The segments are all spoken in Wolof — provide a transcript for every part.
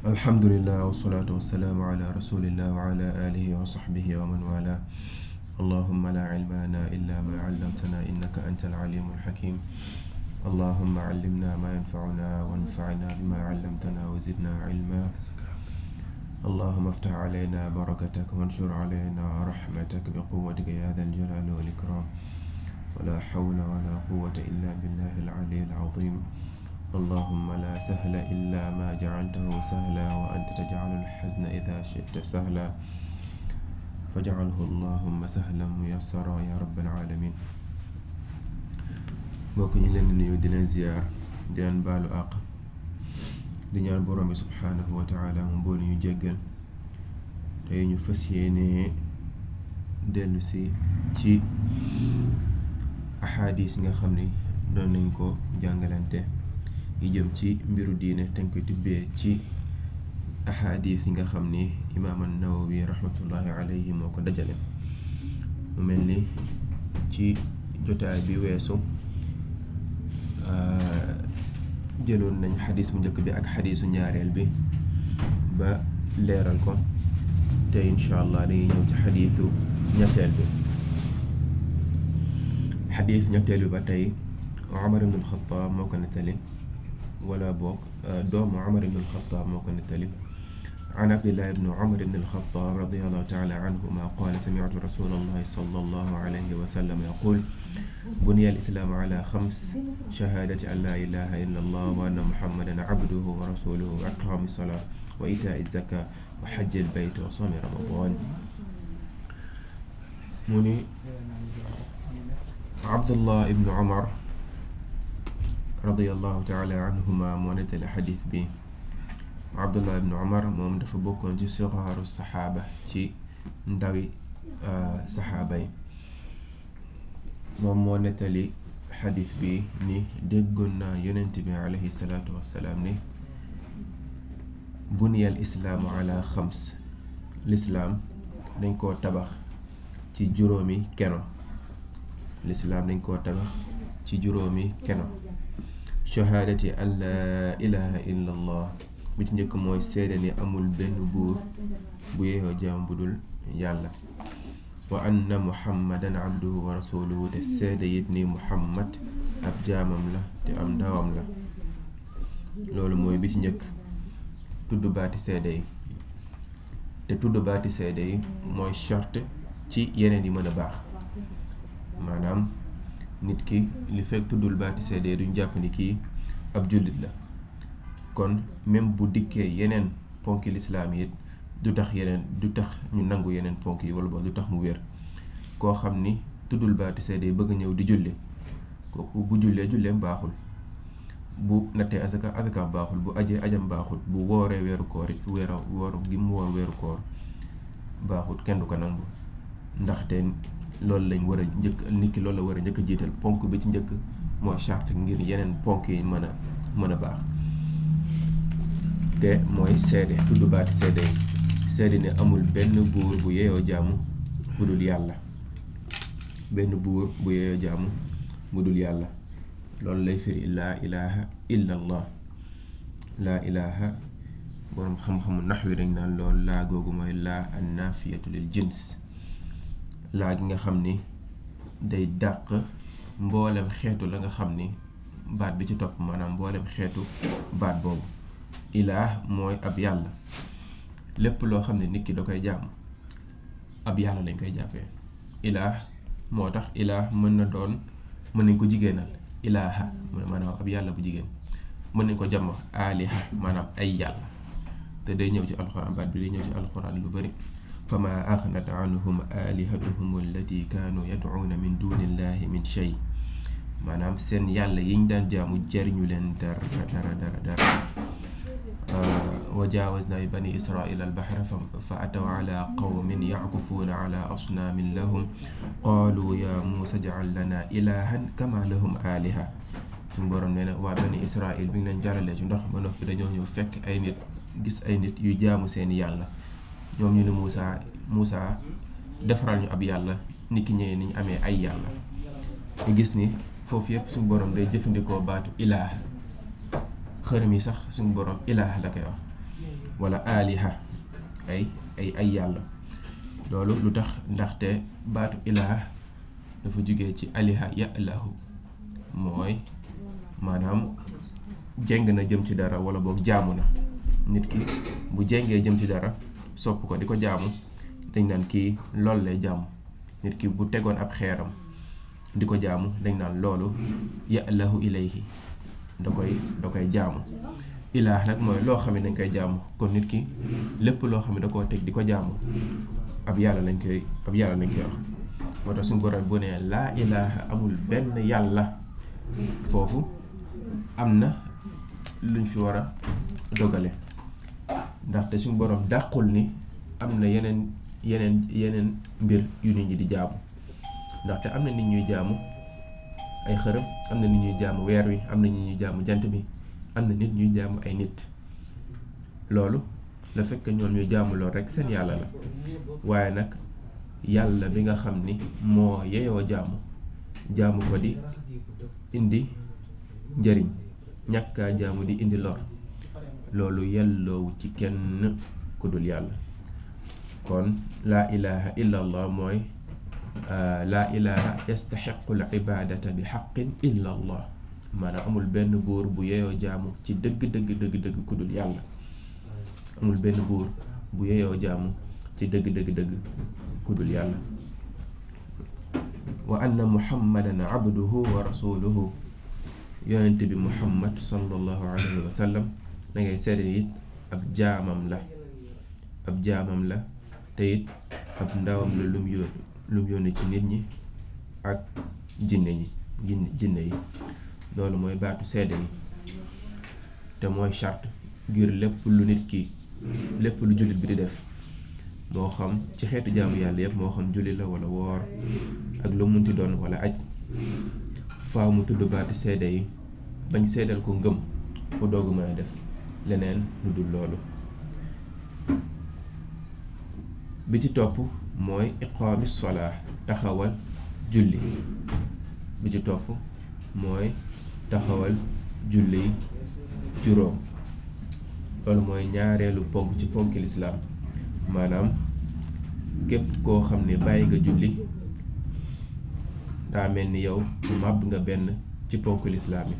alhamdulilah wasalaatu wasalaamu ala rasulillah wa ala alihi wa sahbihi wa man wala allahuma la ilma lana illa ma allamtana innaka anta alalimu alxakim allahuma allimna ma yanfauna wanfacna bima allamtana wa zidna ilma allahuma aftah alayna barakatak wansur alayna rahmatak biquwatika ya dal jalali wal ikram wala xawla wala quwata illa billahi alali alazim allahuma la sahla illa ma jacaltahu sahla wa anta tajcalu alxasna ida chita sahla fa allahuma sahla muyassara ya rabbal alamin mbokk ñu leen di nuyu di leen ziyaar di ñu jéggal tey ñu fas yéene dellu si ci axaadis nga xam ni doon nañ ko jàngalante yu jëm ci mbiru diine te nga koy tibbee ci ahadis yi nga xam ni imaam nawawi rahmatullahi moo ko dajale mu mel ni ci jotaay bi weesu ah, jëloon nañ xadis bu njëkk bi ak xadisu ñaareel bi ba leeral ko te incha allah dañuy ñëw ci xadisu ñetteel bi xadis ñetteel bi ba tey Omar ibn al-Khattab moo ko nettali wala boog euh, doomu Umar ibn al-Khattab moo ko nettali an Abdillah ibn Umar ibn al-Khattab radiyallahu taala anhuma qaala sami'tu rasulallahi sallallahu alayhi wa sallam yaqul buniya al-islaamu ala xams shahaadati an laa ilaha illa allah wa anna muhammadan abduhu wa rasuluhu wa iqaami salaat wa itaa'i zakaat wa xajji al-bayt wa sawmi ramadan mu ni Abdullah ibn Umar radiallahu taala anhuma moo nettali xadis bi abdullah moom dafa bokkoon ci sixaaru saxaaba ci ndawi ah, saxaaba moom moo nettali xadis bi ni déggoon naa yonent bi alayhi salaatu wassalaam ni buniyal islaamu ala xams lislaam dañ koo tabax ci juróomi keno lislaam dañ koo tabax ci juróomi keno shahaadati an laa ilaha bi ci njëkk mooy seede ni amul benn buur bu yeeyoo jaam bu dul yàlla wa anna muhammadan abduhu wa rasuluhu te seede it ni muhammad ab jaamam la te am ndawam la loolu mooy bi ci njëkk tudd baati seede yi te tudd baati seede yi mooy charte ci yeneen yi mën a baax maanaam nit ki li fekk tuddul baati seede duñ jàpp ni kii ab jullit la kon même bu dikkee yeneen ponki lislaam yi du tax yeneen du tax ñu nangu yeneen ponk yi wala boog du tax mu wér koo xam ni tuddul baati seede bëgg ñëw di julli kooku bu jullee julleem baaxul bu nattee asaka asakaam baaxul bu ajee ajam baaxul bu wooree weeru koor it weera woor gi mu woor weeru koor baaxul kenn du ko nangu ndaxte loolu lañ war a njëkk nit ki la war a njëkk jiital ponk bi ci njëkk mooy charte ngir yeneen ponk yi mën a mën a baax te mooy seede tudd baati seede yi seede ne amul benn buur bu yeeyoo jaamu bu dul yàlla benn buur bu yeeyoo jaamu bu dul yàlla loolu lay firi laa ilaha illa allah laa ilaha boroom xam-xamu nax wi dañ naan loolu laa googu mooy laa annafiyatu lil jins laa gi nga xam ni day dàq mboolem xeetu la nga xam ni baat bi ci topp maanaam mboolem xeetu baat boobu ilaah mooy ab yàlla lépp loo xam ne nit ki da koy jàmm ab yàlla lañ koy jàppee ilaah moo tax ilaah mën na doon mën nañ ko jigéenal ilaaha maanaam ab yàlla bu jigéen mën nañ ko jamo aaliha maanaam ay yàlla te day ñëw ci alxuraan baat bi day ñëw ci alxuraan lu bari fama axnat anhum alihatuhum allati kaanu yadcuuna min dunillahi min shay maanaam seen yàlla yiñ daan jaamu jariñu leen dara dara dara dara wa jaawasna bi bani israil albahra fa ataw ala qawmin yackufuuna ala asnaamin lahum qaalu ya muusa jacal lana ilahan kama lahum aaliha suñu borom nee na waa bani israil bi ngi leen jaralee ci ndox ba noppi dañoo ñëw fekk ay nit gis ay nit yu jaamu seen yàlla ñoom ñu ne Moussa Moussa defaral ñu ab yàlla ni ki ñëwee ni ñu amee ay yàlla ñu gis ni foofu yëpp suñu boroom day jëfandikoo baatu ilaah xërëm yi sax suñu boroom ilaah la koy wax walla aliha ay ay yàlla loolu lu tax ndaxte baatu ilaah dafa jóge ci aliha yàllahu mooy maanaam jéng na jëm ci dara wala boog jaamu na nit ki bu jéngee jëm ci dara sopp ko di ko jaamu dañ naan kii loolu lay jàmm nit ki bu tegoon ab xeeram di ko jaamu dañ naan loolu yàllahu ilayhi da koy da koy jaamu ilaah nag mooy loo xam ne dañ koy jaamu kon nit ki lépp loo xam ne da koo teg di ko jaamu ab yàlla lañ koy ab yàlla lañ koy wax moo tax suñu borom bu nee laa ilaaha amul benn yàlla foofu am na luñ fi war a dogale ndaxte suñ borom dàqul ni am na yeneen yeneen yeneen mbir yu nit ñi di jaamu ndaxte am na nit ñuy jaamu ay xërëm am na nit ñuy jaamu weer wi am na nit ñuy jaamu jant bi am na nit ñuy jaamu ay nit loolu la fekk ñoom ñu jaamu loolu rek seen yàlla la waaye nag yàlla bi nga xam ni moo yeyoo jaamu jaamu ko di indi njëriñ ñàkkaa jaamu di indi lor loolu yelloowu ci kenn ku dul yàlla kon laa ilaha illa allah mooy euh, laa ilaha yastaxiqu l ibadata bi xaqin illa allah maanaam amul benn buur bu yeyoo jaamu ci dëgg dëgg dëgg dëgg yàlla benn buur bu yeyoo ci dëgg dëgg wa anna muhammadan abduhu wa rasuluhu yonente bi muhammad sallallahu alayhi wa sallam da ngay seede it ab jaamam la ab jaamam la te ab ndawam la lum yóon lum yónni ci nit ñi ak jinne ñi jinne yi loolu mooy baatu sedd yi te mooy charte ngir lépp lu nit ki lépp lu jullit bi di def moo xam ci xeetu jaamu yàlla yëpp moo xam julli la walla woor ak lu munti doon wala aj faaw mu tudd baati seede yi bañ seddal ko ngëm mu doogu mën def leneen lu dul loolu bi ci topp mooy iqaami solaa taxawal julli bi ci topp mooy taxawal julli juróom loolu mooy ñaareelu ponk ci ponk lislaam maanaam képp koo xam ne bàyyi nga julli daa mel ni yow màbb nga benn ci ponk lislaam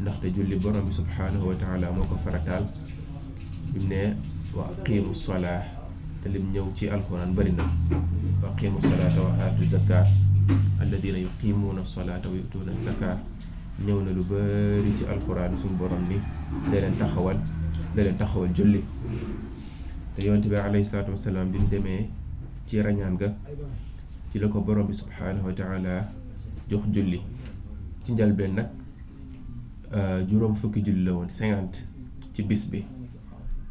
ndaxte julli borom bi subhaanahu wa moo ko farataal ne wa aqiimu salaa te lim ñëw ci alxuraan bëri na wa aqiimu salaata wa aatu zakaat alladina yuqiimuuna salaata wa ñëw na lu bëri ci alxuraan suñu borom ni da leen taxawal da leen te yonte bi alayhi salaatu wasalaam bi demee ci rañaan ga ci la ko borom bi subhaanahu wa jox julli ci njalbeen nag Euh, juróom fukki julli la woon cinquante ci bis bi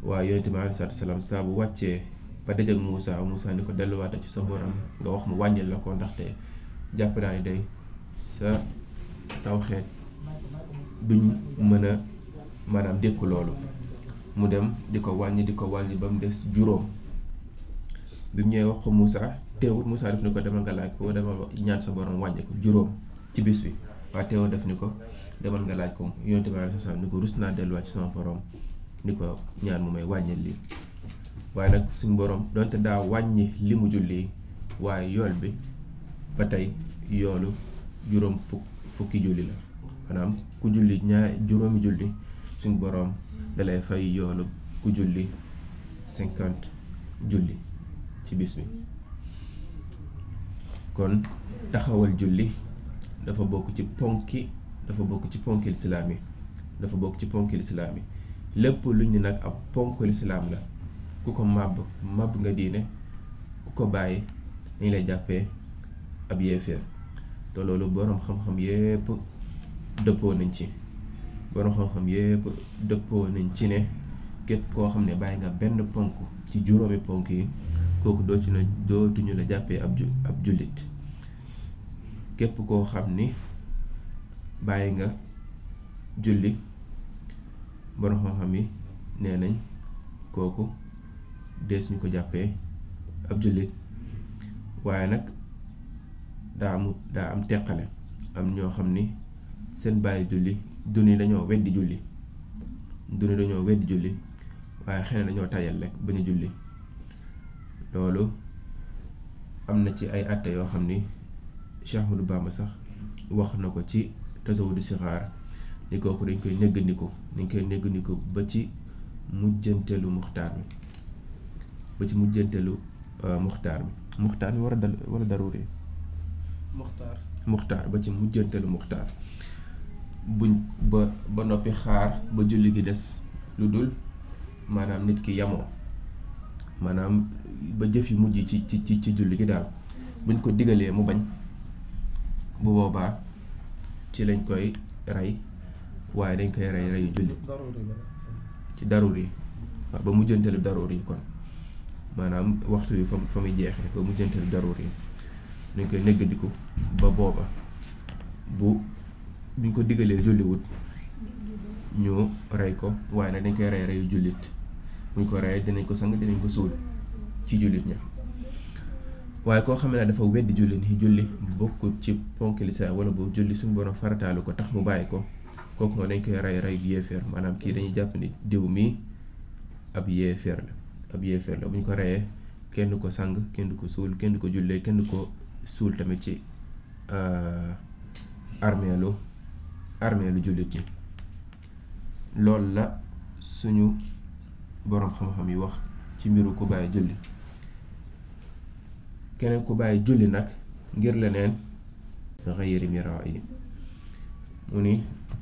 waaye yonente bi alayhi salaatu saa bu wàccee ba dajeg musa Moussa ni ko delluwaata ci sa borom nga wax mu wàññil la ko ndaxte jàpp naa ni day sa saw xeet duñ mën a maanaam dékku loolu mu dem di ko wàññi di ko wàññi ba mu des juróom bi mu ñëwee wax ko Moussa teewut Moussa def ni ko demal nga laaj ko demal ñaan sa borom wàññi juróom ci bis bi waaye teewut def ni ko demal nga laaj ko yonent bi alayhi salaam ni ko rus naa delluwaat ci sama borom ni ko ñaan mu may wàññil lii waaye nag suñu borom donte daa wàññi limu julli waaye yool bi ba tey yoolu juróom fukki julli la maanaam ku julli ñaar juróomi julli suñu borom dalay fay yoolu ku julli cinquante julli ci bis bi kon taxawal julli dafa bokk ci ponki dafa bokk ci ponk yi silaam yi dafa bokk ci ponk silaam yi lépp lu ñu nag ab ponk silaam la ku ko màbb màbb nga diine ku ko bàyyi dañu lay jàppee ab yéeféer te loolu boroom xam-xam yépp dëppoo nañ ci boroom xam-xam nañ ci ne képp koo xam ne bàyyi nga benn ponk ci juróomi ponk yi kooku dootu na dootuñu la jàppee ab ab jullit képp koo xam ni bàyyi nga julli borom xam-xam yi nee nañ kooku dees ñu ko jàppee ab jullit waaye nag daa am daa am teqale am ñoo xam ni seen bàyyi julli duni dañoo weddi julli du dañoo weddi julli waaye xëy na dañoo tayal rek ba ñu julli loolu am na ci ay atte yoo xam ni Cheikh Ahmadou sax wax na ko ci tasawudu si xaar ni kooku dañ koy néggandiku dañ koy néggandiku ba ci mujjanteelu muxtaar mi ba ci mujjanteelu euh, muxtaar mi muxtaar mi wala ba ci mujjanteelu muxtaar buñ ba ba noppi xaar ba julli gi des lu dul maanaam nit ki yamoo maanaam ba jëf yu mujj ci ci ci julli gi daal buñ ko digalee mu bañ bu boobaa ci lañ koy rey waaye dañ koy rey reyu jullit ci daruri waaw ba mujjanteelu daruri kon maanaam waxtu wi fa fa muy mu ba mujjanteelu daruri dañ koy néggadiku ba booba bu buñ ko diggalee julliwut ñu rey ko waaye nag dañ koy rey reyu jullit buñ ko reyee dinañ ko sang dinañ ko suul ci jullit ña waaye koo xam ne dafa weddi julli ni julli bokkut ci ponk lislaam wala boo julli suñu borom farataalu ko tax mu bàyyi ko kooku moom dañ koy rey rey bu yéeféer maanaam kii dañuy jàpp ni diw mii ab yéeféer la ab yéeféer la bu ñu ko reyee kenn ko sang kenn du ko suul kenn ko jullee kenn ko suul tamit ci euh, armeelu armeelu jullit yi loolu la suñu boroom xam-xam yi wax ci mbiru ku bàyyi julli keneen ku bàyyi julli nag ngir leneen xëyri miraw yi mu ni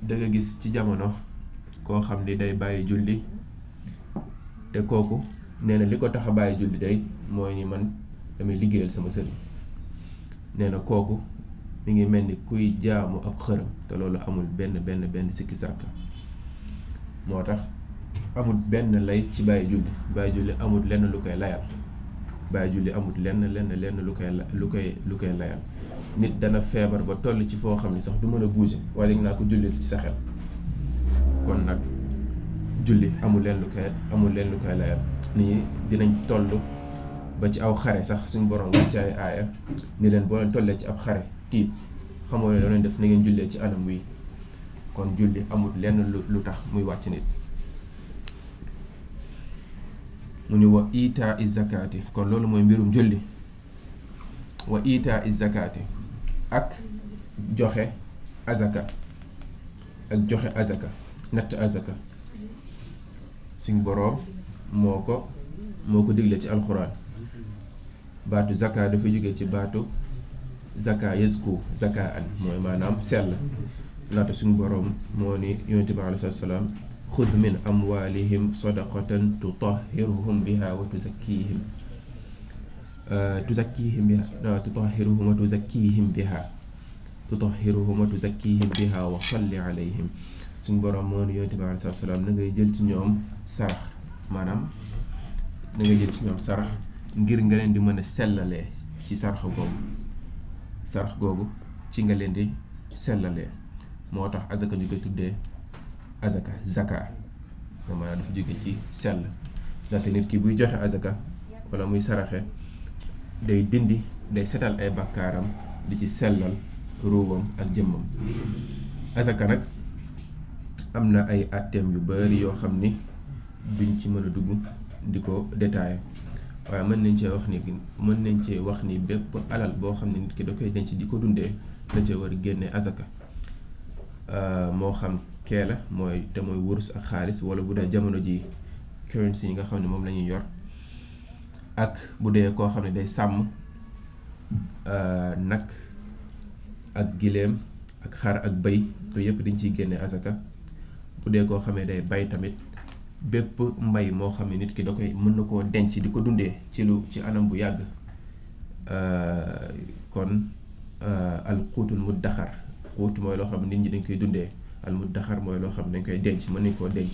danga gis ci jamono koo xam ni day bàyyi julli te kooku nee na li ko tax a bàyyi julli day mooy ni man damay liggéeyal sama sëriñ nee na kooku mi ngi mel ni kuy jaamu ab xërëm te loolu amul benn benn benn sikki sàkka moo tax amut benn lay ci bàyyi julli bàyyi julli amul lenn lu koy layal bàyyi julli amut lenn lenn lenn lu koy lu koy lu koy layal nit dana feebar ba toll ci foo xam ni sax du mën a bouger waaye naa ko julli ci sa xel kon nag julli amul leen lu koy amul leen lu koy layal nii dinañ toll ba ci aw xare sax suñu borom wàcc ay aaya ni leen boo leen tollee ci ab xare tiit xamoo leen def ni ngeen jullee ci anam wi kon julli amul lenn lu lu tax muy wàcc nit mu ni wa ita izakaati kon loolu mooy mbirum julli wa ita izakaati ak joxe azaka ak joxe azaka natt azaka suñ boroom moo ko moo ko digle ci alxuraan baatu zaka dafa jóge ci baatu zaka yësku zaka an mooy maanaam sell laata suñu boroom moo ni yonente bi alayhi salaam xud min amwalihim sadaqatan tutahhiruhum biha wa tuzakkihim tuzakkihim biha tutahhiruhum wa tuzakkihim biha tutahhiruhum wa tuzakkihim biha wa salli alayhim suñ boroom moo ne yonent bi alayhi salaatu salaam na ngay jël ci ñoom sarax maanaam na ngay jël ci ñoom sarax ngir nga leen di mën a sellalee ci sarax googu sarax googu ci nga leen di sellalee moo tax azaka ñu koy tuddee azaka zaka moom maanaam dafa jóge ci sell ndaxte nit ki buy joxe azaka wala muy saraxe day dindi day setal ay bàkkaaram di ci sellal ruubam ak jëmmam azaka nag am na ay atteem yu bari yoo xam ni duñ ci mën a dugg di ko détaillé waaye mën nañ cee wax ni mën nañ cee wax ni bépp alal boo xam ne nit ki da koy denc di ko dundee da cee war génne azaka moo xam kee la mooy te mooy wurus ak xaalis wala bu dee jamono ji currency yi nga xam ne moom lañuy yor ak bu dee koo xam ne day sàmm euh, nag ak gileem ak xar ak béy yooyu yëpp dañ ciy génne asaka bu dee koo xam ne day bay tamit bépp mbay moo xam ne nit ki da koy mën na koo denc di ko dundee ci lu ci anam bu yàgg euh, kon euh, alquutul mu daxar xuut mooy loo xam nit ñi dañ koy dundee al muddaxar mooy loo xam dañ koy denc mën nañ koo denc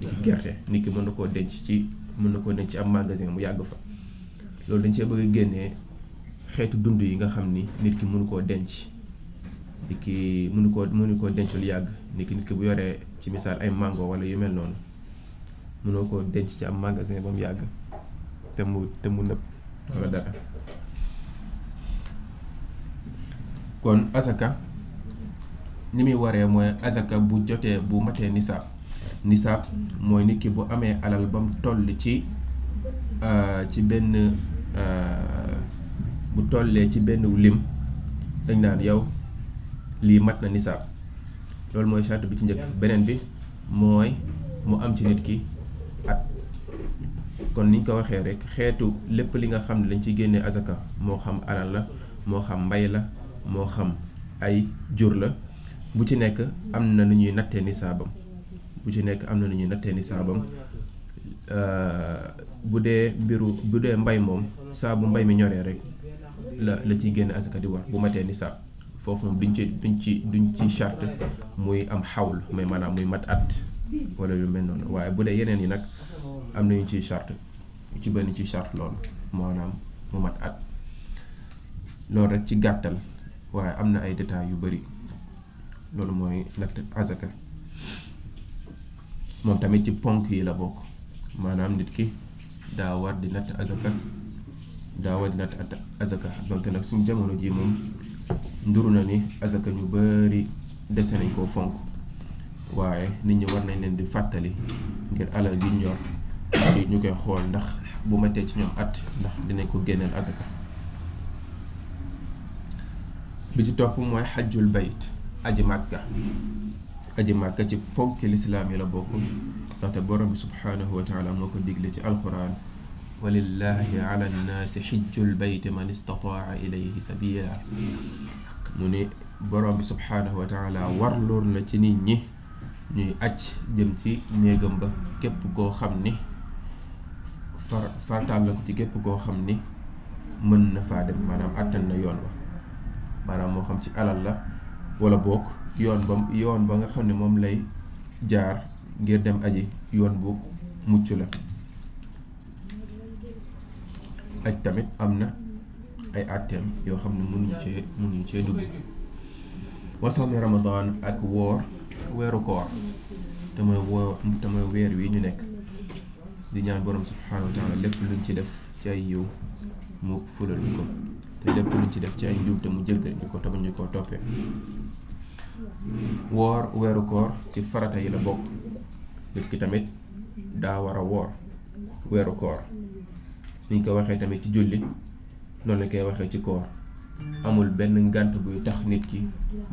ni ki gerte nit ki mën na koo denc ci mën na koo denc am magasin mu yàgg fa loolu dañ cee bëgg a génnee xeetu dund yi nga xam ni nit ki mënu koo denc nit ki mënu koo mënu koo denc yàgg nit ki nit bu yoree ci misaal ay mango wala yu mel noonu mënoo koo denc ci am magasin ba mu yàgg te mu te mu nëb wala dara kon asaka ni muy waree mooy azaka bu jotee bu matee nisaab nisaab mooy nit ki bu amee alal bam mu toll ci euh, ci benn euh, bu tollee ci benn lim dañ naan yow lii mat na nisaab loolu mooy charte bi ci njëkk beneen bi mooy mu am ci nit ki ak kon niñ ko waxee rek xeetu lépp li nga xam ne dañ ciy génnee azaka moo xam alal la moo xam mbay la moo xam ay jur la bu ci nekk am na nu ñuy nattee nisaabam bu ci nekk am na nu ñuy nattee nisaabam euh, bu dee mbiru bu dee mbay moom saabu mbay mi ñoree rek la la ciy génn asaka di war bu matee nisaab foofu moom duñ ci duñ ci duñ ci charte muy am xawul mais maanaam muy mat at wala lu mel noonu waaye bu dee yeneen yi nag am nañu ciy charte ci benn ci charte loolu maanaam mu mat at loolu rek ci gàttal waaye am na ay détails yu bari loolu mooy natt azaka moom tamit ci ponk yi la bokk maanaam nit ki daa war di natt azaka daa nag suñ jamono ji moom nduru na ni azaka ñu bari dese nañ koo fonk waaye nit ñi war nañ leen di fàttali ngir alal ji ñor yi ñu koy xool ndax bu matee ci ñoom at ndax dinañ ko génneel azaka bi ci topp mooy xajjul bayt aji màkka aji màkka ci ponk lislaam yi la bokk ndaxte borom bi subhaanahu wa taala moo ko digle ci alquran walillahi ala nnaasi na ci nit ñi ñuy aj jëm ci néegam ba képp koo xam ni far fartaal na ko ci képp koo xam ni mën na faa dem maanaam àttan na yoon wa maanaam moo xam ci alal la wala boog yoon ba yoon ba nga xam ne moom lay jaar ngir dem aji yoon bu mucc la aj tamit am na ay àtteem yoo xam ne mënuñu cee mënuñu cee dugg wasaami ramadan ak woor weeru koor te mooy woor te mooy weer wi ñu nekk di ñaan borom subhanahu wa taala lépp luñ ci def ci ay yiw mu fulal ko te lépp luñ ci def ci ay njub te mu jëggal ñu ko te ñu ko toppee woor weeru koor ci farata yi la bokk nit ki tamit daa war a woor weeru koor niñ ko waxee tamit ci julli noonu la koy waxee ci koor amul benn ngànt buy tax nit ki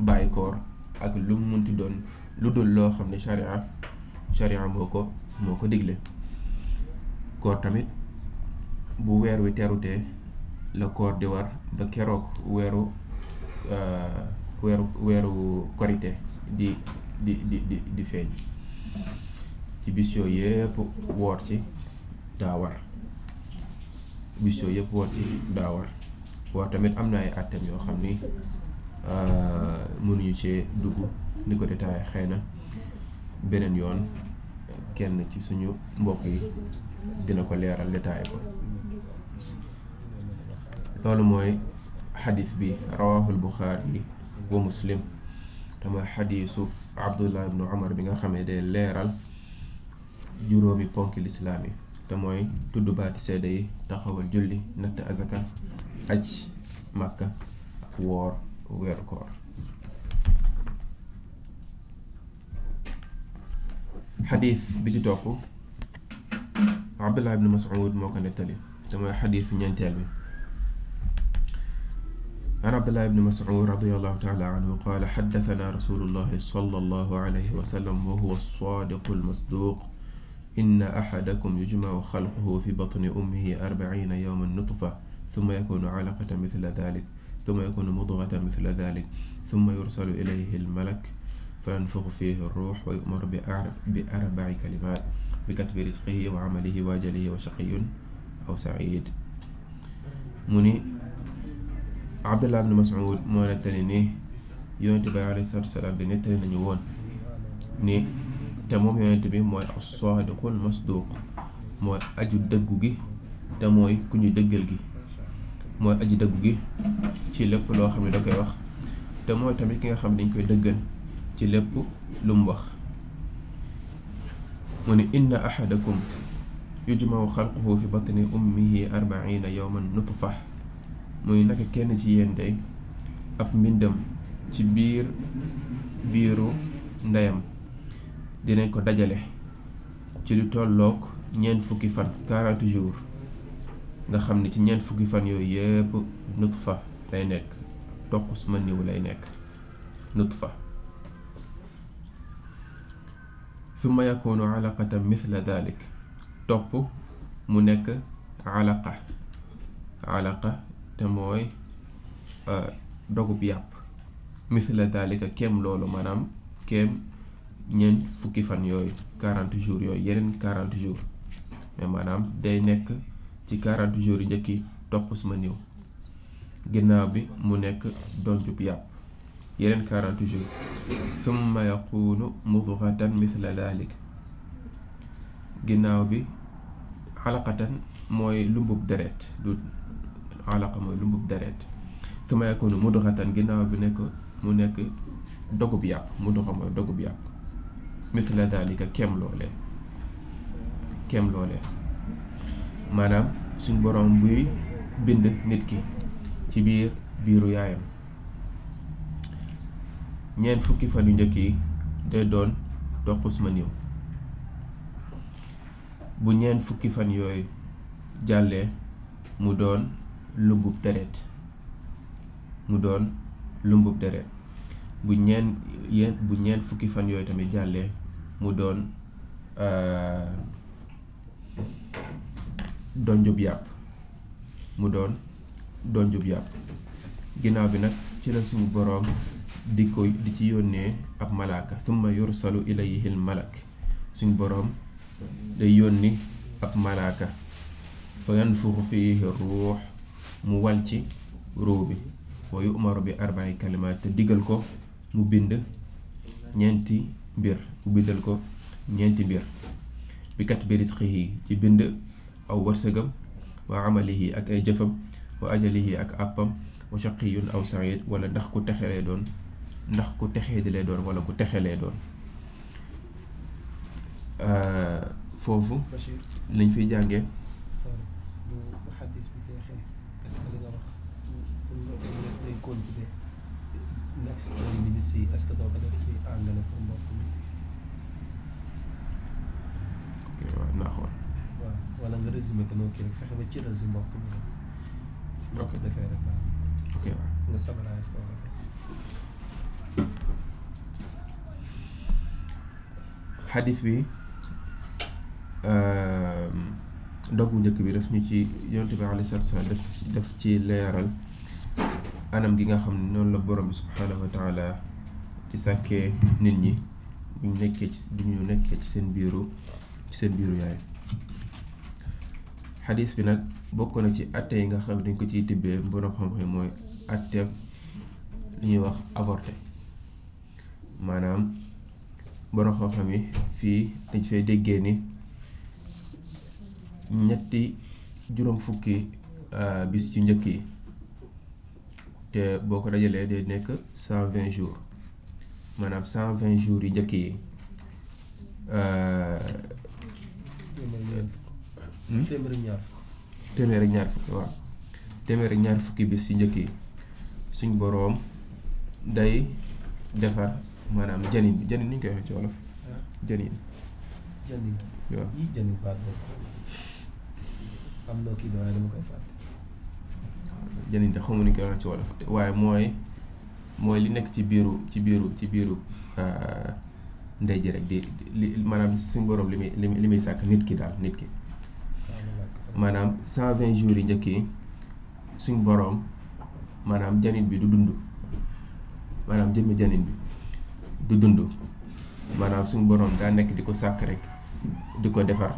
bàyyi koor ak lu mu munti doon lu dul loo xam ne charia charia moo ko moo ko digle koor tamit bu weer wi terutee la koor di war ba keroog weeru euh, weeru weeru korite di di di di di feeñ ci bis yooyu woor ci daa war bis yooyu yëpp woor ci daa war woor tamit am na ay àtteem yoo xam ni euh, mënuñu ci dugg ni ko détaillé xëy na beneen yoon kenn ci suñu mbokk yi dina ko leeral détaillé ko loolu mooy xadis bi rawaaxul Buxaari yi wa muslim te mooy xadiisu abdullah ibnu omar bi nga xam ne day leeral juróomi ponk lislaam yi te mooy tudd baati seede yi taxawal julli natt azaka aj màkka ak woor weeru xadiis bi ci topp abdullah ibnu mas'ud moo ko nettali te mooy xadiis ñeenteel bi an abdullah ibni mas'ud radiallahu taala anhu qaala xaddatana rasulullahi sallallahu alayhi wa sallam wa huwa sadiqu almasduq inna axadakum yujmacu xalquhu fi batni ummihi arbaciina yowman nutfa summa yakunu calaqatan misla dalik summa yakunu mudgatan misla dalik summa yursalu ilayhi almalak fa yanfuxu fihi ruux wa yu'maru bi arbaci kalimaat bi katbi risqihi wa camalihi wa ajalihi wa shaqiyun aw saciid mu ni abdullah ibn mas'ud moo nettali ni yonent bi alayhi salaatu wasalaam di nettali nañu woon ni te moom yonent bi mooy as-saadiqul masduuq mooy aju dëggu gi te mooy ku ñu dëggal gi mooy aji dëggu gi ci lépp loo xam ne da wax te mooy tamit ki nga xam ne dañ koy dëggal ci lépp lu mu wax mu ne inna ahadakum yujmau xalquhu fi batni ummihi arbaina yowman nutfa muy naka kenn ci yéen day ab mbindam ci biir biiru ndeyam dinañ ko dajale ci lu tolloog ñeent fukki fan quarante jours nga xam ne ci ñeent fukki fan yooyu yépp nut fa lay nekk toq suma niw lay nekk nut fa summa yakunu alaqatan misla dalik topp mu nekk alaqa alaqa te mooy euh, dogub yàpp misla daalika kem loolu maanaam kem ñeent fukki fan yooyu quarante jours yooyu yeneen quarante jours mais maanaam day nekk ci quarante jours yu njëkki toqus ma niw ginnaaw bi mu nekk donjub yàpp yeneen quarante jours summa yaquunu mudghatan misla daalika ginnaaw bi xalaqatan mooy lumbub deret alaqa mooy lu mbub deret su ma yakunu muduxatan ginnaaw bi nekk mu nekk dogub yàpp muduxa mooy dogub yàpp misla dalika kem loolee kem loolee maanaam suñ borom buy bind nit ki ci biir biiru yaayam ñeent fukki fan yu njëkk yi day doon doqus ma niw bu ñeent fukki fan yooyu jàllee mu doon lumbub deret mu doon lumbub deret bu ñeent yeen bu ñeen fukki fan yooyu tamit jàllee mu doon euh, donjub yàpp mu doon donjub yàpp ginnaaw bi nag ci la suñu boroom di ko di ci yónnee ab malaaka summa yursalu ilayhi l malak suñu boroom day yónni ab malaaka fa yanfuxu fiihi ruux mu wal ci ruu bi wa yu umaru bi arba'i kalimaat te digal ko mu bind ñeenti mbir mu bindal ko ñeenti mbir bi kat bi yi ci bind aw wërsëgam wa amalihi ak ay jëfam wa ajalihi ak àppam wa shaqiyun aw sa'id wala ndax ku texe lay doon ndax ku texe di lay doon wala ku texe lay doon euh, foofu lañ fiy jànge conjugué next euh, story bi que doo def ci anglais pour mbokk fexe ba ci si mbokk ko defee rek dogu njëkk bi daf ñu ci yonent bi alayhi salaatu wa salaam ci leeral anam gi nga xam ne noonu la borom bi subhaanahu wa taala sàkkee nit ñi buñ nekkee ci seen biiru ci seen biiru yaay xadis bi nag bokk na ci atte yi nga xam ne dañ ko ciy tibbee borom xam-xam mooy atte li ñuy wax avorté maanaam borom xam-xam yi fii dañ fay déggee ni ñetti juróom fukki ah, bis ci njëkk yi te boo ko dajalee day nekk cent vingt jours maanaam cent vingt jours yi njëkk yi. Hmm? téeméer ak ñaar fukk. waaw téeméer ñaar fukki bi si njëkk yi suñ boroom day defar maanaam janin bi janin ni koy waxee ci wolof janin. janin waaw janin koy fàtte. jëniñ te xamuñu koy wax ci wolof waaye mooy mooy li nekk ci biiru ci biiru ci biiru euh, ndey ji rek di li maanaam suñu borom li muy li muy sàkk nit ki daal nit ki maanaam cent vingt jours yi njëkki suñ boroom maanaam janin bi du dund maanaam jëmmi janin bi du dund maanaam suñ boroom daa nekk di ko sàkk rek di ko defar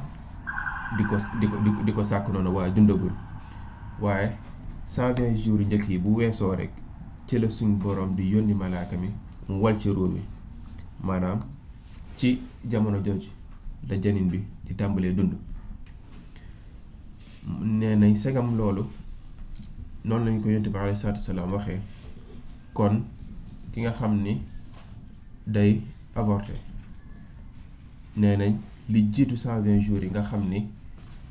di ko di ko di ko sàkk noonu waaye dundagul waaye cent vingt jours yu njëkk yi bu weesoo rek ci la suñ borom di yónni malaaka mi mu wal ci ruur bi maanaam ci jamono jooju la janin bi di tàmbalee dund nee nañ segam loolu noonu lañ ko yonent bi alayhi salaatu salaam waxee kon ki nga xam ni day avorté nee nañ li jiitu cent vingt jours yi nga xam ni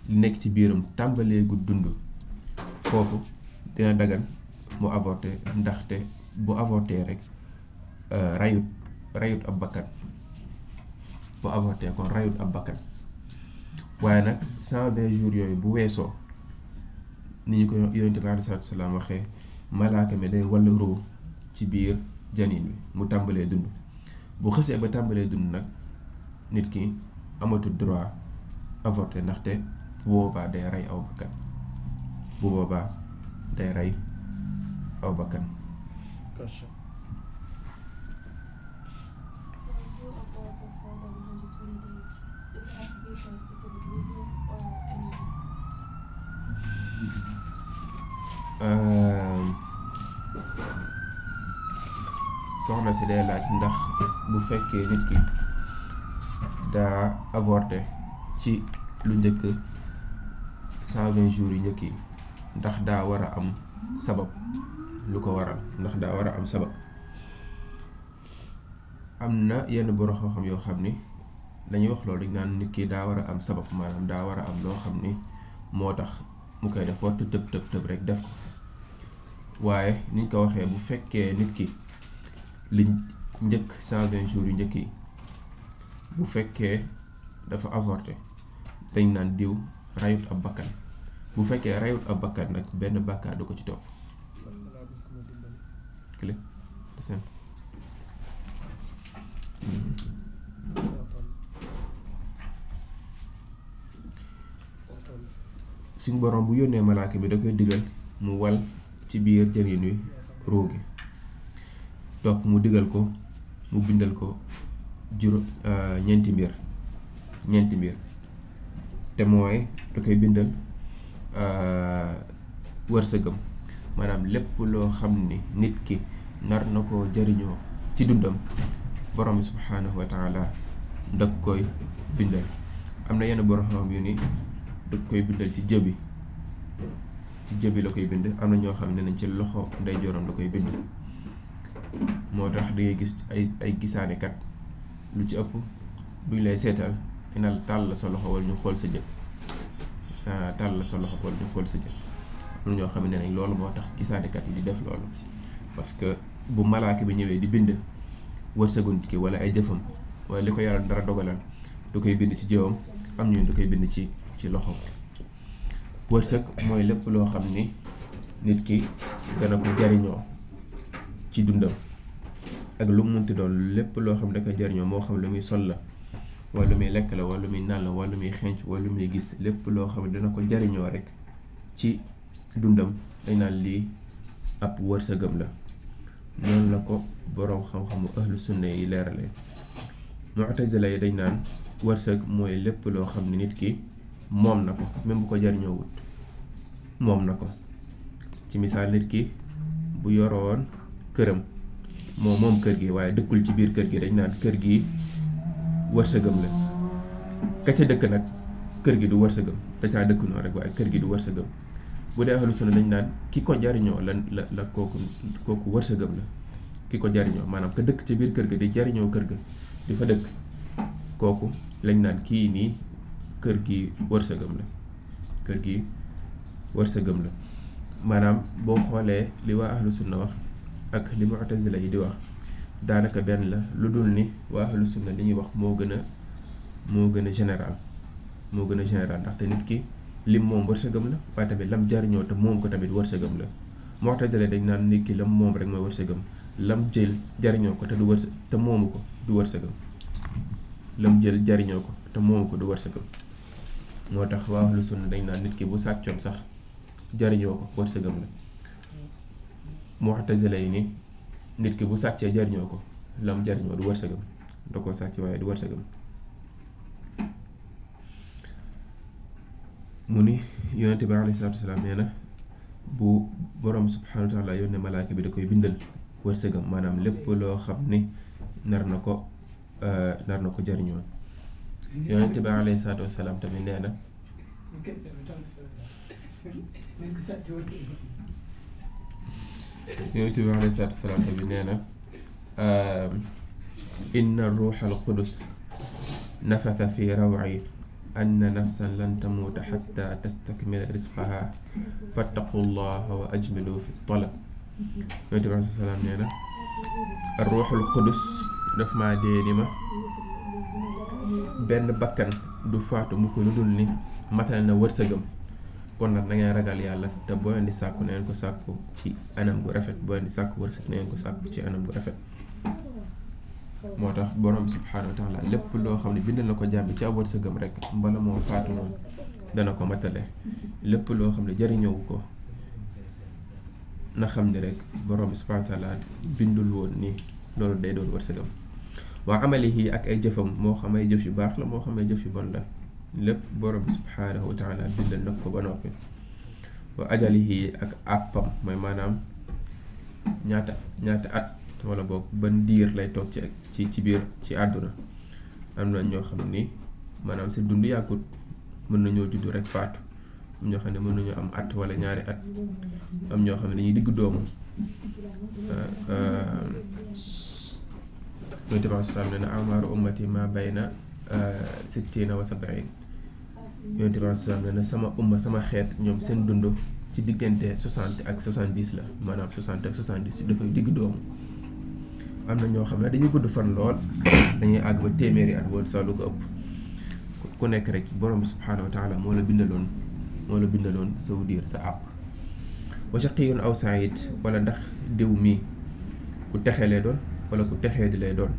li nekk ci biiram tàmbaleegu dund foofu dina dagan mu avorté ndaxte bu avorté rek euh, rayut rayut ab bakkan bu avorté kon rayut ab bakkan waaye nag cent vingt jours yooyu bu weesoo ni ñu ko yonente bi alei salatu salaam waxee malaaka mi day walla roo ci biir janin bi mu tàmbalee dund bu xësee ba tàmbalee dund nag nit ki amatul droit avorté ndaxte bu boobaa day rey aw bakkan bu boobaa day rey aw bakkan euh, soxna laaj ndax bu fekkee nit ki daa avorté ci lu njëkk cent vingt jours yi njëkk yi ndax daa war a am sabab lu ko waral ndax daa war a am sabab am na yenn borom xam-xam yoo xam ni dañuy wax loolu dañ naan nit ki daa war a am sabab maanaam daa war a am loo xam ni moo tax mu koy def warut tëb tëb tëb rek def ko waaye niñ ko waxee bu fekkee nit ki li njëkk cent jours yu njëkk yi bu fekkee dafa avorté dañ naan diw rayut ab bakkan bu fekkee reyut ab bakkaar nag benn bakkaar du ko ci topp clé borom bu yónnee malaaka bi da koy digal mu wal ci biir jëriñ wi ruu gi topp mu digal ko mu bindal ko juróom euh, ñeenti mbir ñeenti mbir te mooy da koy bindal Euh, wërsëgam maanaam lépp loo xam ni nit ki nar na ko jëriñoo ci dundam borom subhaanahu wa taala dag koy bindal am na yenn borom yu ni dag koy bindal ci jëbi ci jëbi la koy bind am na ñoo xam ne nañ ci loxo ndeyjooram la koy bind moo tax dangay gis ay ay gisaanekat lu ci ëpp duñ lay seetal dina tàll sa loxo wal ñu xool sa jëb tàll sa loxo kon def ko ñoo xam ne nañ loolu moo tax gisaanekat yi di def loolu parce que bu malaaka bi ñëwee di bind wërsëgu nit ki wala ay jëfam wala li ko yàlla dara dogalal du koy bind ci jëwam am ñu du koy bind ci ci loxo wërsëg mooy lépp loo xam ni nit ki dana ko jariñoo ci dundam ak lu mu munti doon lépp loo xam ne da koy jariñoo moo xam lu muy sol la wala muy lekk la wala muy naan la wala muy xenc wala muy gis lépp loo xam ne dina ko jariñoo rek ci dundam dañ naan lii ab wërsëgam la noonu la ko boroom xam-xamu ahlu sunna yi leerale mu'tazila yi dañ naan wërsëg mooy lépp loo xam ne nit ki moom na ko même bu ko jariñoo wut moom na ko ci misaal nit ki bu yoroon këram moo moom kër gi waaye dëkkul ci biir kër gi dañ naan kër gi war wërsëgam la ka ca dëkk nag kër gi du war wërsëgam da caa dëkk noonu rek waaye kër gi du war wërsëgam bu dee ahlu sunna dañ naan ki ko jariñoo la la la kooku kooku wërsëgam ko jariñoo maanaam ka dëkk ci biir kër ga di jariñoo kër ga di fa dëkk kooku lañ naan kii nii kër gi wërsëgam la kër gi wërsëgam la maanaam boo xoolee li waa ahlu sunna wax ak li la yi di wax daanaka benn la lu dul ni waa ahlu sunna li ñuy wax moo gën a moo gën a général moo gën a général ndaxte nit ki lim moom wër la waaye tamit lam jariñoo te moom ko tamit wërsëgam la mu'tazila dañ naan nit ki la moom rek mooy wërsëgam lam jël jariñoo ko te du te moomu ko du wërsëgam jël jariñoo ko te moomu ko du wërsëgam moo tax waa ahlu sunna dañ naan nit ki bu sàccoon sax jariñoo ko wërsëgam la mu'tazila nit ki bu sàccee jariñoo ko lam jariñoo du wërsëgam da koo sàcc waaye du wërsëgam mu ni yonente bi alayhi salaatu wasalaam nee na bu borom subhaanahu yónnee malaaka bi da koy bindal wërsëgam maanaam lépp loo xam ni nar na ko euh, nar na ko jariñoo yonente bi alayhi salaatu wasalaam tamit nee yonent bi alayhi salaatu salaam bi nee na um, inna ruuxa alqudus nafasa fi rawci anna nafsan lan tamuuta xatta tastakmila risqaha fattaqu llaha wa ajmilu fi talab yonent bi alayhi salaam nee na ruuxu alqudus daf maa dee ni ma benn bakkan du faatu mu ko lu dul ni matal na wërsëgam kon nag da ngay ragal yàlla te boo leen di sàkku na ngeen ko sàkku ci anam bu rafet boo leen di sàkku wërsëg na ngeen ko sàkku ci anam bu rafet moo tax borom subhaanahu wa taala lépp loo xam ne bind na ko jàmbi ci ab wërsëgam rek mbala moo faatu dana ko matale lépp loo xam ne jëriñoowu ko na xam ne rek borom subhaanahu wa taala bindul woon ni loolu day doon wërsëgam waa amalihi ak ay jëfam moo xam ay jëf yu baax la moo xam ay jëf yu bon la lépp borom bi subhaanahu wa taala bindal ko ba noppi wa ajalihi ak àppam mooy maanaam ñaata ñaata at wala boog ban diir lay toog ci ci ci biir ci àdduna am na ñoo xam ni maanaam seen dund yàggut mën nañoo juddu rek faatu am ñoo xam ne mën nañoo am at wala ñaari at am ñoo xam ne dañuy digg doomu mooy tamit salaam ne na Euh, sittiina wa sab'iin yonent bi salaam nee na sama umma sama xeet ñoom seen dund ci diggante soixante ak soixante-dix la maanaam soixante ak soixante-dix dafay digg doomu am na ñoo xam ne dañuy gudd fan lool dañuy àgg ba téeméeri at wala sax lu ko ëpp ku nekk rek borom bi subhaanahu wa taala moo la bindaloon moo la bindaloon sa diir sa àpp wa shaqiyun aw sa'iid wala ndax diw mii ku texee lay doon wala ku texee di lay doon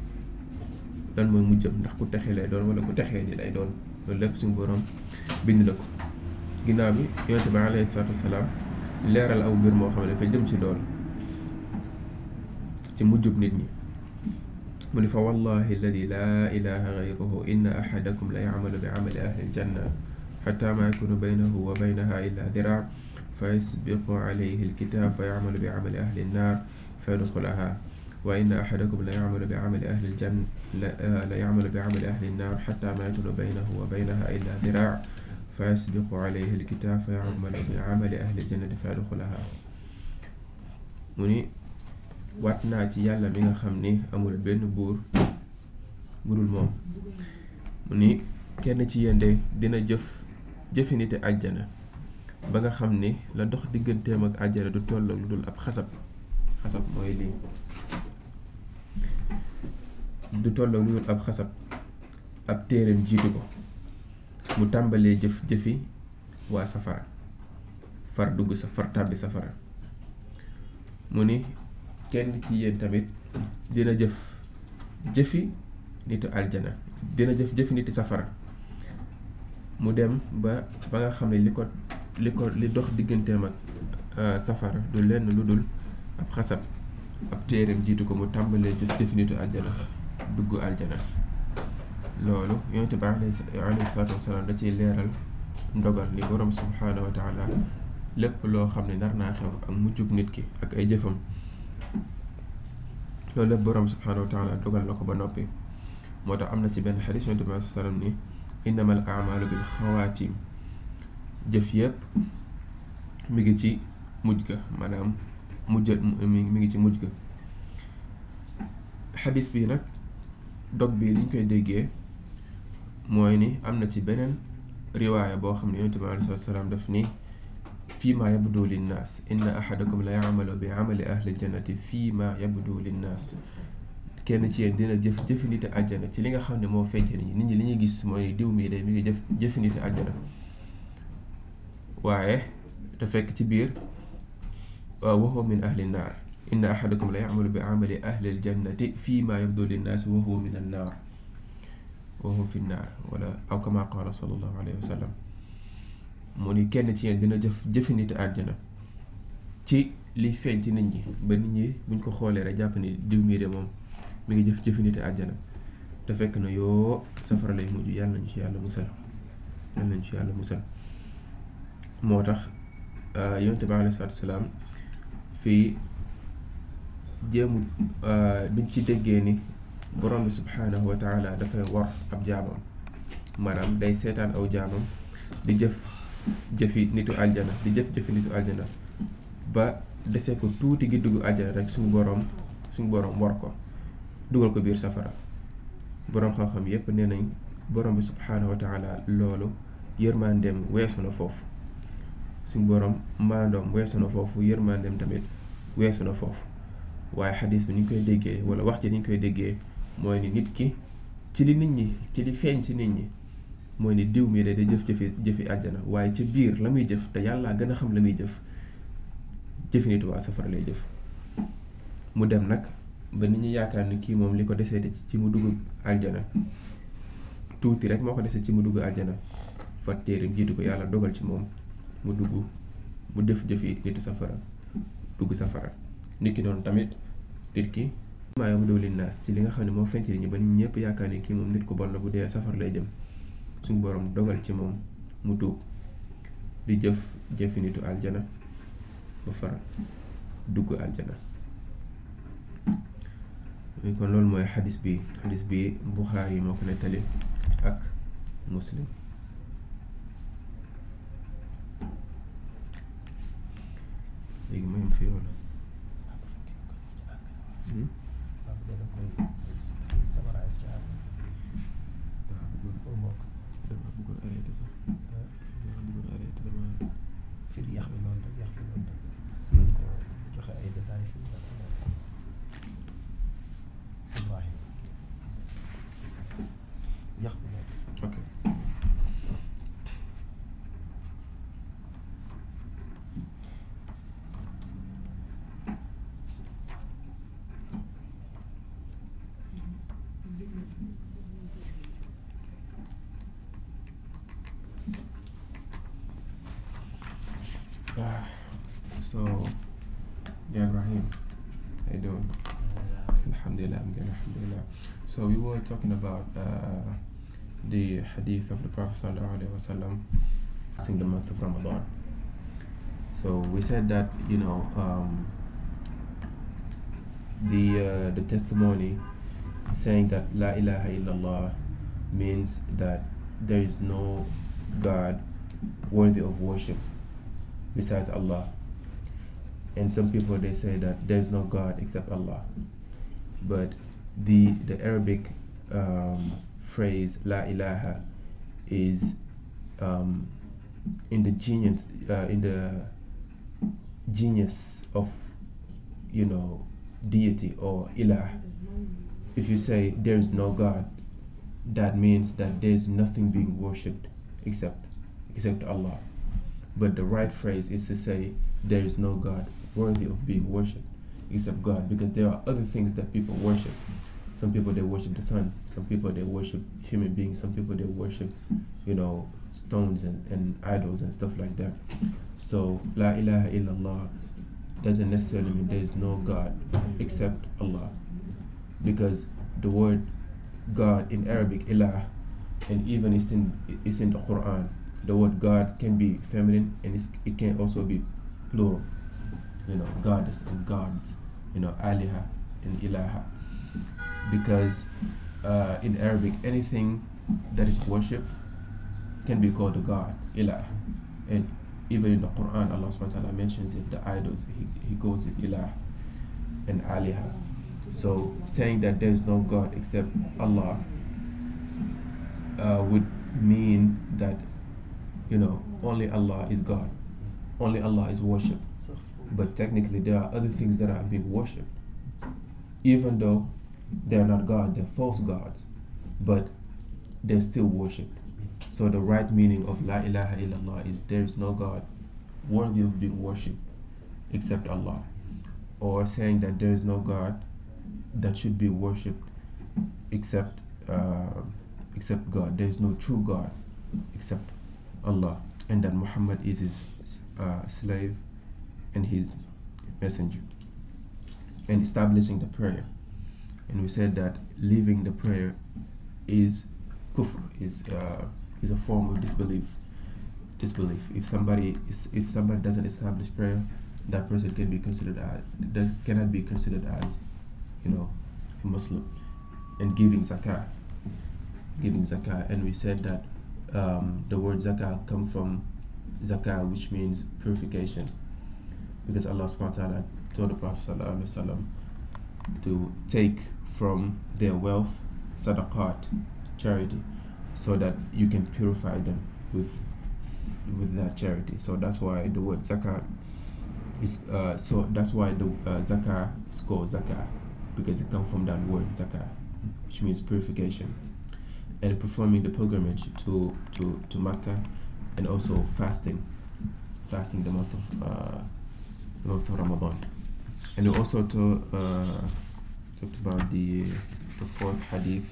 lan mooy mujjam ndax ku texee lay doon wala ku texee di lay doon loolu lépp suñu borom bind na ko ginnaaw bi yonent bi alayhi salaatu wasalaam leeral aw mbir moo xam ne dafa jëm ci loolu ci mujjub nit ñi mu ni fa wallahi alladi laa ilaha gayruhu inna ahadakum la yacmalu bi camali ahli aljanna xata ma yakunu baynahu wa baynaha illa diraa fa yasbiqu calayhi alkitaab fa yacmalu bi camali ahli annaar fa yadxulaha wa inna ahadakum la yamalu bi amali ahli aljanna la uh, yamalu bi amali ahli annaar xata ma yakunu baynahu wa baynaha illa diraa fa yasbiqu alayhi alkitab fa mu ni waat naa ci yàlla mi nga xam ni amul benn buur bu dul moom mu ni kenn ci yende dina jëf jëfinite àjjana ba nga xam ni la dox digganteem ak àjjana du toll lu dul ab xasab xasab mooy lii du tolloo lu dul ab xasab ab téereem jiitu ko mu tàmbalee jëf jëfi waa safara far dugg sa safara mu ni kenn ci yéen tamit dina jëf jëfi nitu aljana dina jëf jëfi niti safara mu dem ba ba nga xam ne li ko li ko li dox digganteem ak euh, safara du lenn lu dul ab xasab ab téereem jiitu ko mu tàmbalee jëf jëfi nitu aljana dugg aljana loolu yonent bi alayhi salaatu wasalaam da ciy leeral ndogal ni borom subhaanahu wa lépp loo xam ne nar naa xew ak mujjub nit ki ak ay jëfam loolu lépp borom subhaanahu wa dogal na ko ba noppi moo tax am na ci benn xadis yonent bi alayhi salaam ni innamal amaalu bil xawaatim jëf yépp mi ngi ci mujj ga maanaam mujj mi ngi ci mujj ga xadis bi nag dog bii li ñu koy déggee mooy ni am na ci beneen riwaaya boo xam ne yonent bi alayhi salaam daf ni fii maa yabdu linnaas inna ahadakum la yaamalu bi amali ahli jannati fii maa yabdu linnaas kenn ci yéen dina jëf jëfinite àjjana ci li nga xam ne moo feeñte nit ñi nit ñi li ñuy gis mooy diw mii day mi ngi jëf jëfinite àjjana waaye te fekk ci biir waaw waxoo min naar inna ahadakum la yacmalu bi amali ahli aljannati fii ma yabdu linnaasi wa huwa min annaar wa huwa fi nnaar wala aw kama qaala sallallahu alayhi wa sallam ni kenn ci yéen dina jëf jëfinit nit ci liy feeñ ci nit ñi ba nit ñi buñ ko xoolee rek jàpp ni diw moom mu ngi jëf jëfinit nit te fekk na yoo safara mujj yàlla nañu ci yàlla musal yàlla nañu ci yàlla moo tax ah, yonte bi alayhi salaatu wa salaam fii jéemu euh, duñ ci déggee ni borom bi subhaanahu wa taala dafay war ab jaamam maanaam day seetaan aw jaamam di jëf jëfi nitu aljana di jëf jëfi nitu aljana ba desee ko tuuti gi dugg aljana rek suñu borom suñu borom war ko dugal ko biir safara borom xam-xam yépp nee nañ borom bi subhaanahu wa taala loolu yërmandeem weesu na foofu suñ borom maandoom weesu na foofu yërmandeem tamit weesu na foofu waaye xadis bi ni ñu koy déggee wala wax ji ni ñu koy déggee mooy ni nit ki ci li nit ñi ci li feeñ ci nit ñi mooy ni diw mi de day jëf jëfi jëfi àjjana waaye ci biir la muy jëf te yàlla gën a xam la muy jëf jëfi nit waa safara lay jëf mu dem nag ba nit ñu yaakaar ni kii moom li ko desee ci mu dugg aljana tuuti rek moo ko desee ci mu dugg aljana fa téerim jiitu ko yàlla dogal ci moom mu dugg mu def jëfi nitu safara dugg safara nit ki doon tamit nit ki maa yom dawlin naas ci li nga xam ne moo fenc ni ñu ba nit ñëpp yaakaar ne kii moom nit ku bon la bu dee safar lay jëm suñu borom dogal ci moom mu tuub di jëf jëfinitu nitu aljana ba far dugg aljana kon loolu mooy xadis bi xadis bi Buxaari yi moo ko nettali ak muslim léegi ma yem fi wala Hmm? waaw bu dee da koy day summarize ci àll. waaw loolu pour mbokk. Uh, so, yeah, Rahim, Alhamdulillah, I'm So we were talking about uh, the hadith of the Prophet wasallam in the month of Ramadan. So we said that, um, uh, the testimony saying that La ilaha illallah means that there is no God worthy of worship besides Allah. And some people they say that there is no God except Allah. But the the Arabic um, phrase La ilaha is um, in the genius uh, in the genius of you know deity or ilah. if you say there is no God, that means that there is nothing being worshipped except except Allah. But the right phrase is to say there is no God worthy of being worshipped except God because there are other things that people worship. Some people they worship the sun, some people they worship human beings, some people they worship, you know, stones and, and idols and stuff like that. So La ilaha illallah doesn't necessarily mean there is no God except Allah. because the word God in Arabic ilah and even it's in it's in the Quran the word God can be feminine and it can also be plural you know goddess and gods you know aliha and ilaha because uh, in Arabic anything that is worship can be called a god ilah and even in the Quran Allah subhanahu wa ta'ala mentions it the idols he, he calls it ilah and aliha So saying that there is no God except Allah uh, would mean that, only Allah is God, only Allah is worshipped. But technically, there are other things that are being worshipped, even though they're not God, they're false still worshipped. the right meaning of La ilaha illallah is there is no God worthy of being worshipped except Allah. Or saying that there is no God that should be worshipped except uh, except God. There is no true God except Allah, and that Muhammad is his uh, slave and his messenger. And establishing the prayer, and we said that leaving the prayer is kufr, uh, is a form of disbelief. Disbelief. If somebody is, if somebody doesn't establish prayer, that person cannot be considered you know, a Muslim, and giving zakah. Giving zakah, and we said that um, the word zakah come from zakah, which means purification, because Allah subhanahu wa taala told the Prophet sallallahu alaihi wasallam to take from their wealth sadaqat, charity, so that you can purify them with with that charity. So that's why the word zakah is uh, so that's why the uh, zakah is called zakah. because it comes from that word zakah, which means purification, and performing the pilgrimage to to to Mecca, and also fasting, fasting the month of uh, the month of Ramadan, and we also to, uh, talked about the the fourth hadith.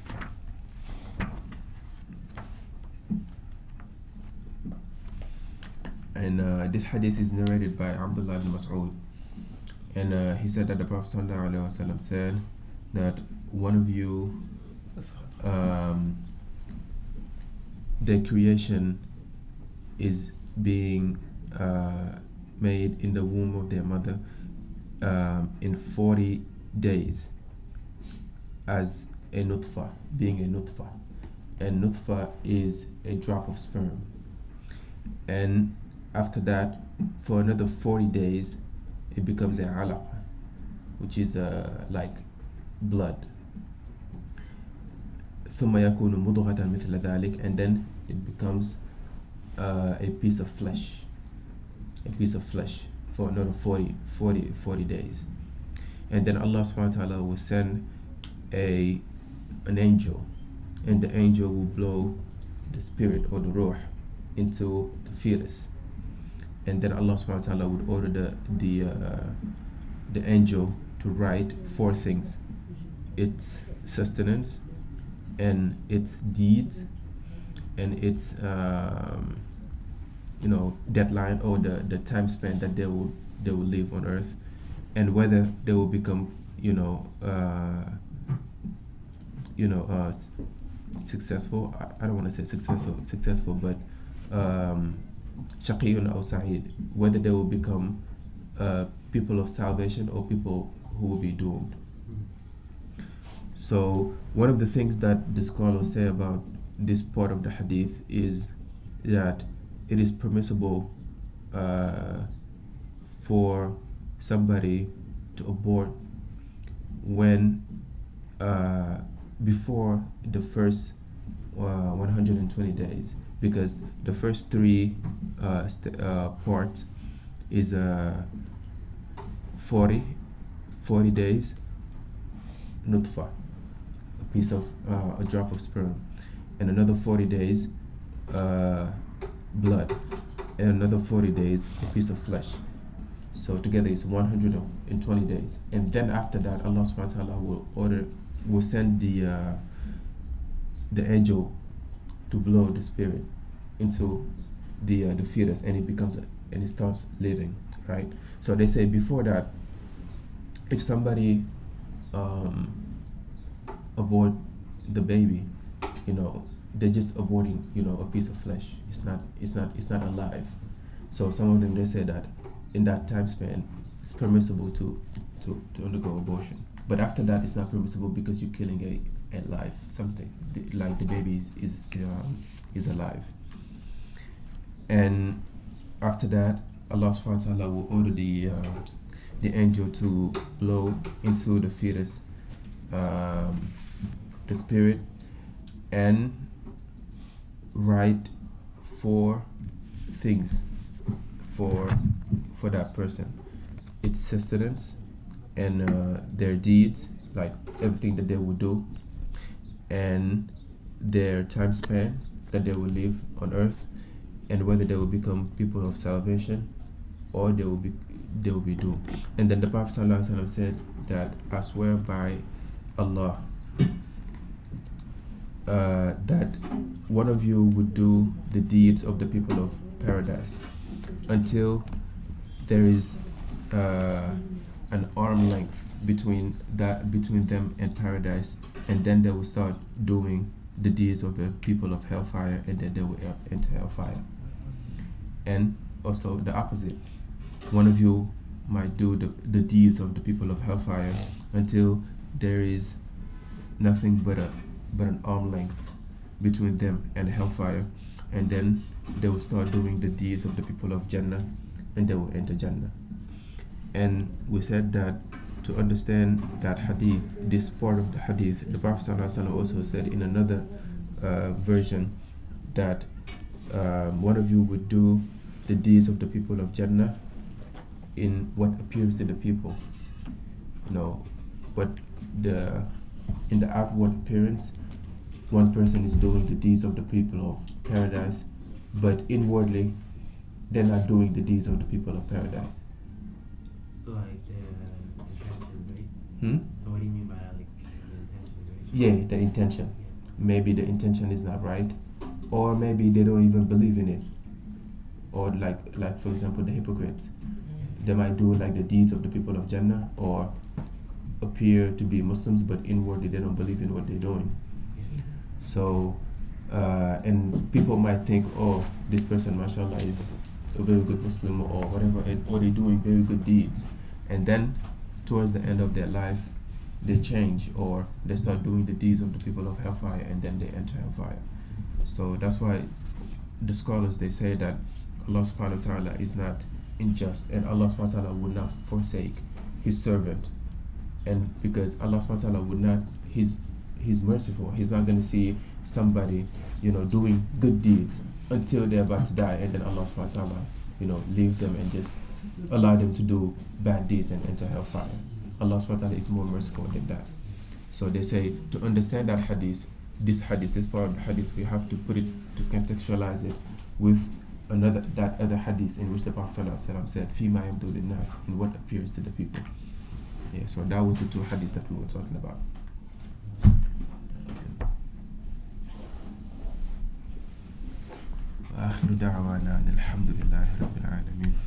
And uh, this hadith is narrated by Abdullah ibn Mas'ud and uh, he said that the Prophet ﷺ said that one of you, um, the creation is being uh, made in the womb of their mother um, in 40 days as a nutfa, being a nutfa. And nutfa is a drop of sperm. And after that, for another 40 days, it becomes a alaq, which is uh, like blood. ثم يكون مضغة مثل ذلك and then it becomes uh, a piece of flesh a piece of flesh for another 40, 40, 40 days and then Allah subhanahu wa ta'ala will send a an angel and the angel will blow the spirit or the ruh into the fetus and then Allah subhanahu wa ta'ala would order the the uh, the angel to write four things its sustenance and its deeds and its um, you know deadline or the the time spent that they will they will live on earth and whether they will become you know uh, you know uh, successful I, I don't want to say successful successful but um, shaqiyun or sa'id, whether they will become uh, people of salvation or people who will be doomed. So one of the things that the scholars say about this part of the hadith is that it is permissible uh, for somebody to abort when uh, before the first uh, 120 days because the first three uh, uh, part is uh, 40, 40 days nutfa, a piece of uh, a drop of sperm, and another 40 days uh, blood, and another 40 days a piece of flesh. So together it's 120 days. And then after that, Allah subhanahu wa ta'ala will order, will send the, uh, the angel to blow the spirit into the uh, the fetus and it becomes and it living right so they say before that if somebody um, the baby you just aborting a piece of flesh it's not not alive so some of them they say that in that time span it's permissible to undergo abortion but after that it's not permissible because you're killing alive, something like the baby is is, um, is alive. And after that, Allah subhanahu wa ta'ala will order the uh, the angel to blow into the fetus um, the spirit and write four things for for that person its sustenance and uh, their deeds like everything that they will do and their time span that they will live on earth and whether they will become people of salvation or they will be they will be doomed. And then the Prophet ﷺ said that I swear by Allah uh, that one of you would do the deeds of the people of paradise until there is uh, an arm length between that between them and paradise and then they will start doing the deeds of the people of hellfire, and then they will enter hellfire. And also the opposite. One of you might do the, the deeds of the people of hellfire until there is nothing but a but an arm length between them and hellfire, and then they will start doing the deeds of the people of Jannah, and they will enter Jannah. And we said that to understand that hadith, this part of the hadith, the Prophet ﷺ also said in another uh, version that um, one of you would do the deeds of the people of Jannah what appears to the people. You the in one person is doing the deeds of the people of paradise, but inwardly, they're not doing the deeds of the people of paradise. Hmm? So what do you mean by like the intention? Yeah, the intention. Maybe the intention is not right, or maybe they don't even believe in it. Or like for example the hypocrites, mm-hmm. they might do like the deeds of the people of Jannah or appear to be Muslims, but inwardly they don't believe in what they're doing. So, uh, people might think, oh, this person, mashallah, is a very good Muslim or whatever, and, or they're doing very good deeds. And then towards the end of their life, they change or they start doing the deeds of the people of hellfire and then they enter hellfire. So that's why the scholars they say that Allah subhanahu wa ta'ala is not unjust Allah subhanahu wa ta'ala servant. because Allah subhanahu wa ta'ala would not see somebody, you know, doing good deeds then Allah subhanahu wa ta'ala, you know, leaves them allow them to do bad deeds and enter hellfire. Allah subhanahu more merciful than that. they say to understand that hadith, this hadith, this part of the hadith, to put it to contextualize it with that other hadith in which the Prophet ﷺ said, Fima yamdu nas in what appears to the people. Yeah, so that was the two hadiths that we were talking about. وآخر دعوانا الحمد لله رب العالمين